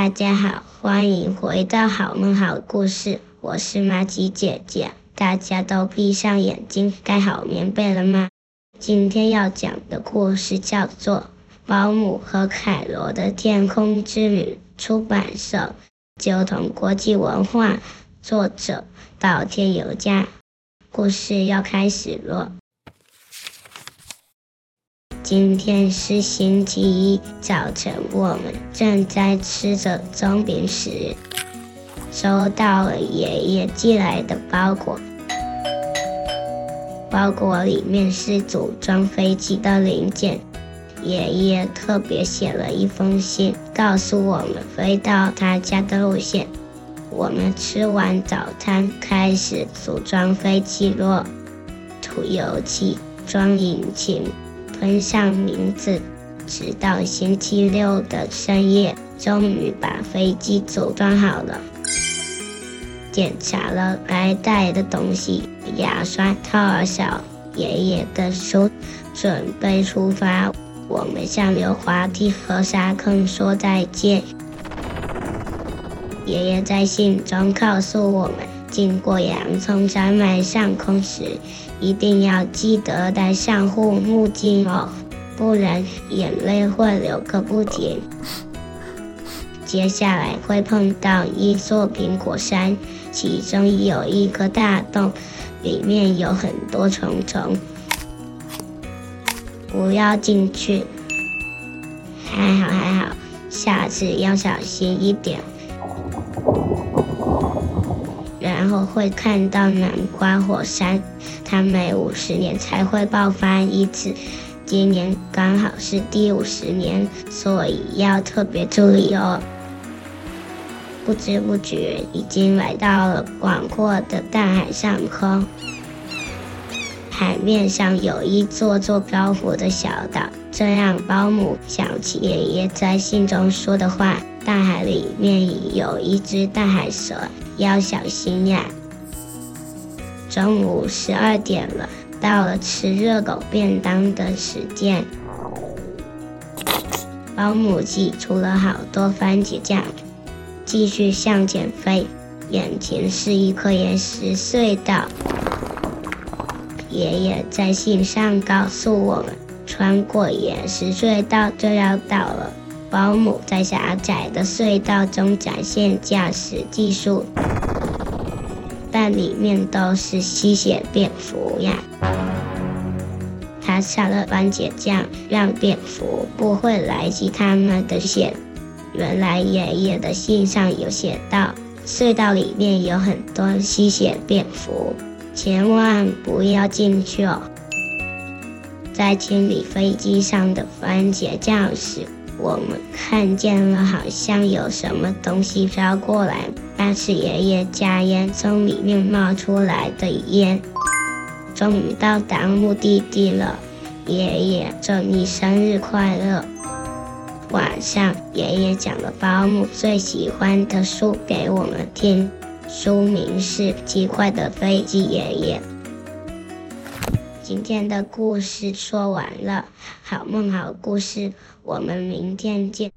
大家好，歡迎回到《好夢好故事》，我是瑪吉姐姐。大家都閉上眼睛，蓋好棉被了嗎？今天要講的故事叫做《包姆和凱羅的天空之旅》，出版社：九童國際文化，作者：島田由佳。故事要開始咯。今天是星期一早晨，我們正在吃着蒸餅時，收到了爺爺寄來的包裹。包裹裡面是組裝飛機的零件，爺爺特別寫了一封信，告訴我們飛到他家的路線。我們吃完早餐，開始組裝飛機咯，落塗油漆，裝引擎。拼上名字，直到星期六的深夜，終於把飛機組裝好了。檢查了該帶的東西，牙刷、套兒、小爺爺的手，準備出發。我們向溜滑梯和沙坑說再見。爺爺在信中告訴我們。經過洋蔥山脈上空時，一定要記得戴上護目鏡哦，不然眼淚會流個不停。接下來會碰到一座蘋果山，其中有一個大洞，裡面有很多蟲蟲，不要進去。還好還好，下次要小心一點。然後會看到南瓜火山，它每五十年才會爆發一次，今年剛好是第五十年，所以要特別注意哦。不知不覺已經來到了廣闊的大海上空，海面上有一座座漂浮的小島，這讓包姆想起爺爺在信中說的話：大海裡面有一隻大海蛇。要小心呀！啊！中午十二點了，到了吃熱狗便當的時間。包姆擠出了好多番茄醬，繼續向前飛。眼前是一顆岩石隧道。爺爺在信上告訴我們，穿過岩石隧道就要到了。包姆在狹窄的隧道中展現駕駛技術，但裡面都是吸血蝙蝠呀！他灑了番茄醬，讓蝙蝠不會來吸他們的血。原來爺爺的信上有寫到：隧道裡面有很多吸血蝙蝠，千萬不要進去哦！在清理飛機上的番茄醬時。我們看見了，好像有什麼東西飄過來，那是爺爺家煙囪裡面冒出來的煙。終於到達目的地了，爺爺祝你生日快樂。晚上，爺爺講了包姆最喜歡的書給我們聽，書名是《奇怪的飛機》，爺爺。今天的故事說完了，好夢好故事，我們明天見。